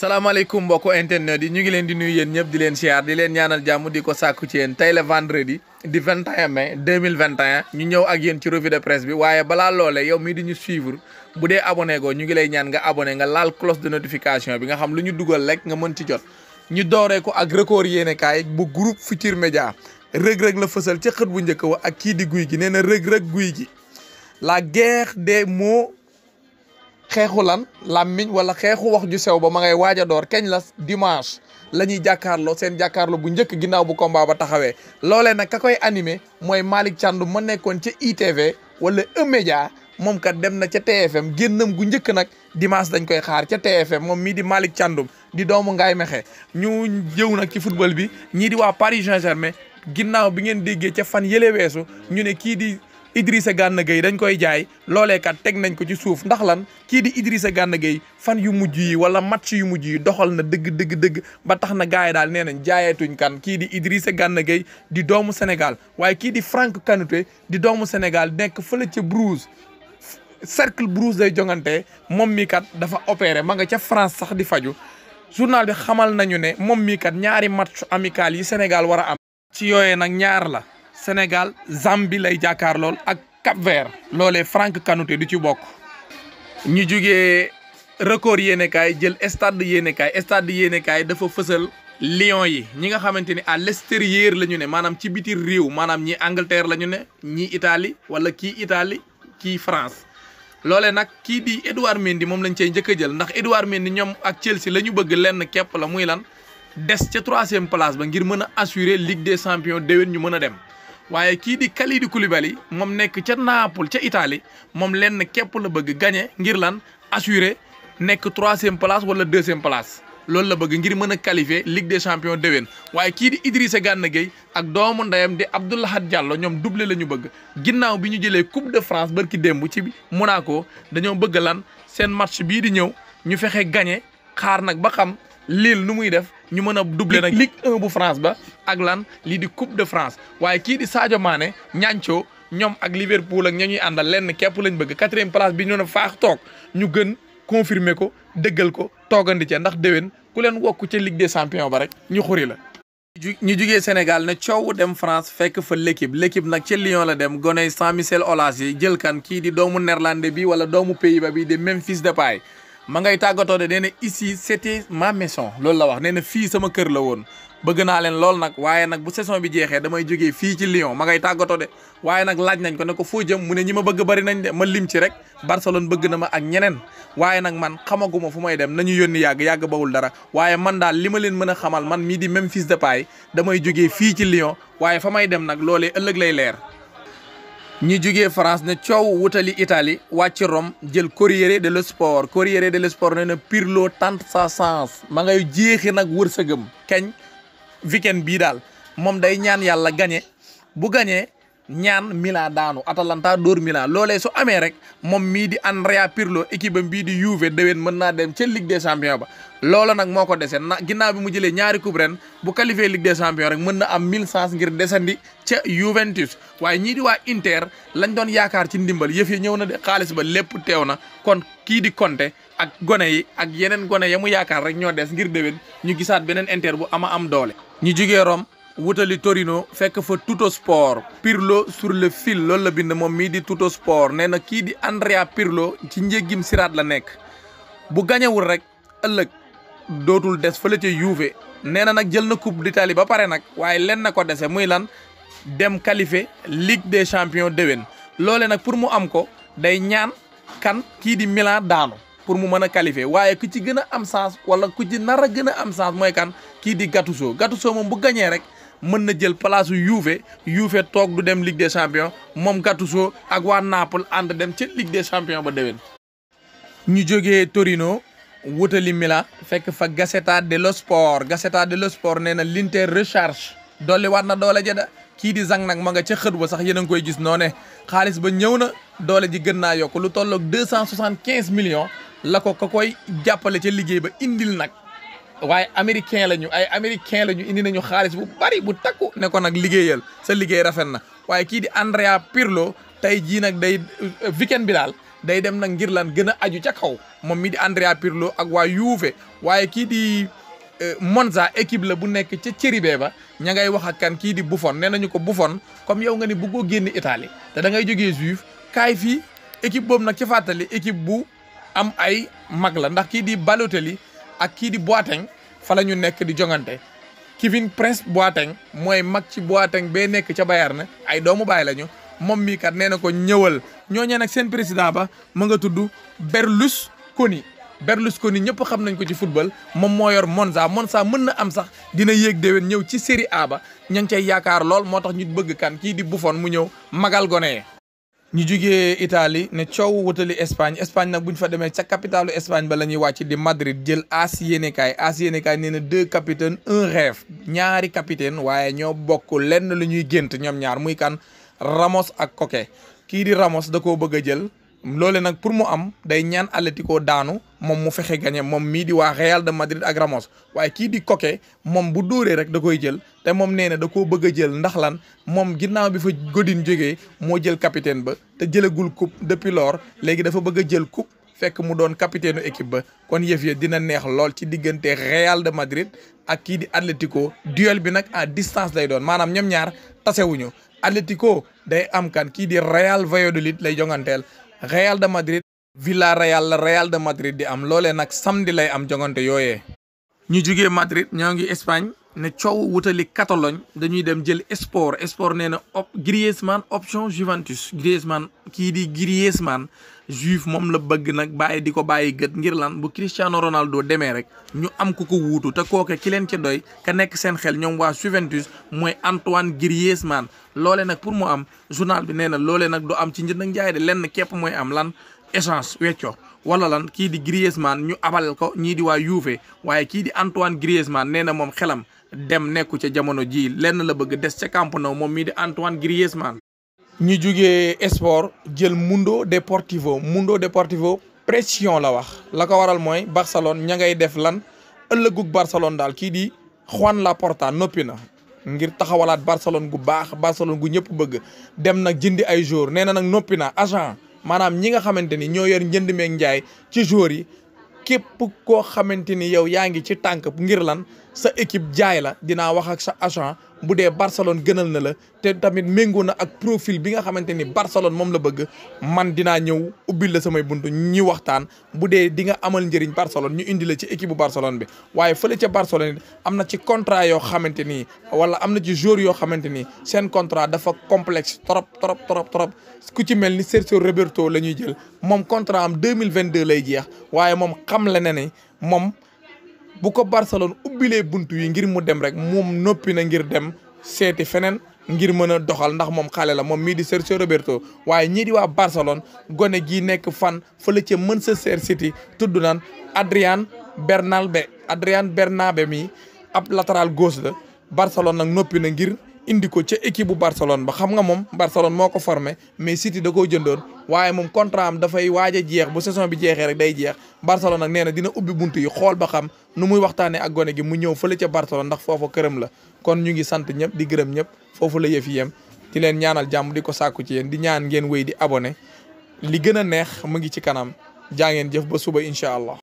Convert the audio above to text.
salaamaaleykum mbokku internet yi ñu ngi leen di nuy yéen ñëpp di leen siyaar di leen ñaanal jàmm di ko sàkku ci yéen tey la vendredi di 21 mai 2021 ñu ñëw ak yéen ci revue de presse bi waaye balaa loolee yow mii di ñu suivre bu dee abonné goo ñu ngi lay ñaan nga abone nga laal cloche de notification bi nga xam lu ñu dugal rek nga mën ci jot ñu dooree ko ak record yéenekaay bu group fu Futur Média rëg-rëg la fësal ci xët bu njëkk wa ak kii di guy gi nee na rëg-rëg guy gi la guerre des mots xeexu lan làmmiñ wala xeexu wax ju sew ba ma ngay waaj a la dimanche la ñuy jàkkaarloo seen jàkkaarloo bu njëkk ginnaaw bu combat ba taxawee loolee nag ka koy animé mooy Malick Thiandoum ma nekkoon ca ITV wala e moom kat dem na ca TFM génnam gu njëkk nag dimanche dañ koy xaar ca TFM moom mii di Malick Thiandoum di doomu ngay Mexe ñu jëw nag ci football bi ñii di waa Paris Saint-Germain ginnaaw bi ngeen déggee ca fan yële ñu ne kii di. Idrissa Gana Gueye dañ koy jaay loolee teg nañ ko ci suuf ndax lan kii di Idrissa Gana Gueye fan yu mujj yi wala match yu mujj yi doxal na dëgg dëgg dëgg ba tax na gars yi daal nee nañ jaayeetuñ kan kii di Idrissa Gana Gueye di doomu Sénégal waaye kii di frank Kanouté di doomu senegal nekk fële ci Bruges cercle Bruges day jongante moom mi kat dafa opéré ma nga ca France sax di faju journal bi xamal nañu ne moom mii kat ñaari match amical yi Sénégal war a am nag ñaar la Sénégal Zambie lay jàkkaar lool ak Cap Vert loolee Franck Kanouté du ci bokk. ñu jugee record yéenekaay jël stade yéenekaay stade yéenekaay dafa fësal Lions yi ñi nga xamante ni à l'extérieur la ñu ne maanaam ci biti réew maanaam ñi Angleterre la ñu ne ñii itali wala kii itali kii France. loole nag kii di Edouard Mendy moom lañ cey njëkk a jël ndax Edouard Mendy ñoom ak Chelsea la ñu bëgg lenn képp la muy lan des ca troisième place ba ngir mën a assurer Ligue des champions déwén ñu mën a dem. waaye kii di Kalidou Koulibaly moom nekk ca Naples ca itaali moom lenn képp la bëgg gagné ngir lan assuré nekk troisième place wala deuxième place loolu la bëgg ngir mën a qualifier Ligue des champions déwén waaye kii di Idrissa Gana Gueye ak doomu ndeyam di Abdou Lahad Diallo ñoom duble la ñu bëgg ginnaaw bi ñu jëlee coupe de France barki démb ci Monaco dañoo bëgg lan seen match bii di ñëw ñu fexe gañe xaar nag ba xam Lille nu muy def ñu mën a doublé nag Ligue 1 bu France ba ak lan lii di Coupe de France waaye kii di Sadio Mané ñancoo ñoom ak Liverpool ak ña ñuy àndal lenn képp lañ bëgg quatrième place bi ñu ne faax toog ñu gën confirmer ko dëggal ko toogandi ca ndax déwén ku leen wokk ca Ligue des champions ba rek ñu xuri la. ñu jugee Sénégal ne coow dem France fekk fa l'équipe l'équipe nag ca Lyon la dem gone Jean Michel Aulas yi jël kan kii di doomu néerlandais bi wala doomu Pays-Bas bi di Memphis Depay ma ngay tàggatoo de nee na ici c'était ma maison loolu la wax nee na fii sama kër la woon bëgg naa leen lool nag waaye nag bu saison bi jeexee damay jóge fii ci lion ma ngay tàggatoo de waaye nag laaj nañ ko ne ko foo jëm mu ne ñi ma bëgg bari nañ de ma lim ci rek Barcelone bëgg na ma ak ñeneen waaye nag man xamaguma fu may dem nañu yónni yàgg yàgg bawul dara waaye man daal li ma leen mën a xamal man mii di fis de Depay damay jóge fii ci lion waaye fa may dem nag loolee ëllëg lay leer ñu jugee France ne coow wutali itali wàcc Rome jël Corriere dello Sport Corriere dello Sport ne na loo tente sa chance ma ngay jeexi nag wër wërsëgam kañ weekend bii daal moom day ñaan yàlla gañe bu gañee ñaan Milan daanu Atalanta dóor Milan loole su amee rek moom mii di Andrea Pirlo équipe am bii di Juve déwén mën naa dem ca Ligue des ba loola nag moo ko dese na ginnaaw bi mu jëlee ñaari coupe bu qualifié Ligue des Champions rek mën na am mille chance ngir desandi ca Juventus waaye ñii di waa Inter lañ doon yaakaar ci ndimbal yëf ñëw na de xaalis ba lépp teew na kon kii di Conte ak gone yi ak yeneen gone ya mu yaakaar rek ñoo des ngir déwén ñu gisaat beneen Inter bu ama am doole ñu jugee Rome wutali Torino fekk fa Tuttosport Pirlo sur le fil lool la bind moom mii di Tuttosport nee na kii di Andrea Pirlo ci njéggim siraat la nekk bu gañewul rek ëllëg dootul des fële ca Juve nee na nag jël na coupe d'Italie ba pare nag waaye len na ko dese muy lan dem qualifié Ligue des champion déwén loole nag pour mu am ko day ñaan kan kii di Milan daanu pour mu mën a qualifié waaye ku ci gën a am chance wala ku ci nar a gën a am chance mooy kan kii di Gattuso Gattuso moom bu gañee rek mën na jël place su Juve Juve toog du dem Ligue des champions moom Gattuso ak waa Naples ànd dem ca Ligue des champions ba déwén. ñu jógee Torino wutali Milan fekk fa Gazzetta dello Sport Gazzetta dello Sport nee na l'Inter recharge dolli waat na doole jëda kii di zang nag ma nga ca xët wa sax yéen a ngi koy gis noone xaalis ba ñëw na doole ji gën naa yokk lu tolloog deux cent soixante quinze millions la ko ka koy jàppale ca liggéey ba indil nag waaye américain la ñu ay américain la ñu indi nañu xaalis bu bari bu takku ne ko nag liggéeyal sa liggéey rafet na waaye kii di Andrea Pirlo tey jii nag day euh, weekend bi daal day dem nag ngir lan gën a aju ca kaw moom mi di Andrea Pirlo ak waa Juve waaye kii di euh, Monza équipe la bu nekk ca Serie ba ña ngay wax ak kan kii di Buffon nee nañu ko Buffon comme yow nga ni bëggoo génn Italie te da ngay jógee Juve kaay fii équipe boobu nag ci fàttali équipe bu am ay mag la ndax kii di Balotelli ak kii di Boateng fa la ñu nekk di jongante Kevin Prince Boateng mooy mag ci Boateng bee nekk ca na ay doomu baay lañu moom mii kat nee na ko ñëwal ñoo ñooñee ak seen président ba mu nga tudd berlus Berlusconi Berlusconi ñëpp xam nañ ko ci football moom moo yor Monza Monza mën na am sax dina yéeg déwén ñëw ci Serie A ba ña ngi cay yaakaar lool moo tax ñu bëgg kan kii di Buffon mu ñëw magal gone ñu jugee Italie ne coow wutali Espagne Espagne nag bu ñu fa demee ca capitalu Espagne ba la ñuy wàcc di Madrid jël as yéenekaay as yéenekaay nee na deux capitaines un rêve ñaari capitaine waaye ñoo bokk lenn lu ñuy gént ñoom ñaar muy kan Ramos ak Koke kii di Ramos da koo bëgg a jël loole nag pour mu am day ñaan Atlético daanu moom mu fexe gagné moom mii di waa Real de Madrid ak Ramos waaye kii di Koke moom bu dóoree rek da koy jël te moom nee na da koo bëgg a jël ndax lan moom ginnaaw bi fa Godin jógee moo jël capitaine ba te jëlagul coupe depuis lors léegi dafa bëgg a jël coupe fekk mu doon capitaine équipe ba kon yëf ya dina neex lool ci diggante Real de Madrid ak kii di Atlético duel bi nag à distance lay doon maanaam ñoom ñaar tasewuñu Atlético day am kan kii di Real Valladolid lay jonganteel Real de Madrid Villarreal la Real de Madrid di am loolee nag samedi lay am jongante yooye ñu jugee Madrid ñoo ngi Espagne. ne coow wutali Catalogne dañuy dem jël sport sport nee na op Griezmann option Juventus Griezmann kii di Griezmann Juve moom la bëgg nag bàyyi di ko bàyyi gët ngir lan bu Cristiano Ronaldo demee rek ñu am ku ko wuutu te kooke ki leen ci doy ka nekk seen xel ñoom waa Juventus mooy Antoine Griezmann loole nag pour mu am journal bi nee na loole nag du am ci njënd ak njaay de lenn képp mooy am lan essance weccoo wala lan kii di Griezmann ñu abal ko ñii di waa Juve waaye kii di Antoine Griezmann nee na moom xelam dem nekku ca jamono ji lenn la bëgg des ca Camp Nou moom mii di Antoine Griezmann. ñu jógee sport jël Mundo Deportivo Mundo Deportivo pression la wax la ko waral mooy Barcelone ña ngay def lan ëllëgug Barcelone daal kii di Juan Laporta noppi na. ngir taxawalaat Barcelone gu baax Barcelone gu ñëpp bëgg dem nag jëndi ay joueurs nee na nag noppi na agent maanaam ñi nga xamante ni ñoo yor njënd meeg njaay ci joueurs yi képp koo xamante ni yow yaa ngi ci tànk ngir lan sa équipe jaay la dinaa wax ak sa agent bu dee Barcelone gënal na la te tamit méngoo na ak profil bi nga xamante ni Barcelone moom la bëgg man dinaa ñëw ubbil la samay buntu ñi waxtaan bu dee di nga amal njëriñ Barcelone ñu indi la ci équipe bu Barcelone bi. waaye fële ca Barcelone am na ci contrat yoo xamante ni wala am na ci joueur yoo xamante ni seen contrat dafa complexe trop trop trop trop ku ci mel ni Sergio Roberto la ñuy jël moom contrat am deux mille vingt deux lay jeex waaye moom xam la ne ni moom. bu ko Barcelone ubbilee bunt yi ngir mu dem rek moom noppi na ngir dem seeti feneen ngir mën a doxal ndax moom xale la moom mii di Sergio Roberto waaye ñii di waa Barcelone gone gii nekk fan la fële ca Manchester City tudd naan Adrian Bernabé Adrian be mii ab latéral gos la Barcelone nag noppi na ngir. indi ko ca équipe bu Barcelone ba xam nga moom Barcelone moo ko formé mais siti da koo jëndoon waaye moom contrat am dafay waaj a jeex bu saison bi jeexee rek day jeex Barcelone nag nee na dina ubbi bunt yi xool ba xam nu muy waxtaanee ak gone gi mu ñëw fële ca Barcelone ndax foofu këram la kon ñu ngi sant ñëpp di gërëm ñëpp foofu la yëf yi yem di leen ñaanal jàmm di ko sàkku ci yéen di ñaan ngeen wéy di abone li gën a neex mu ngi ci kanam jaa jëf ba suba incha allah.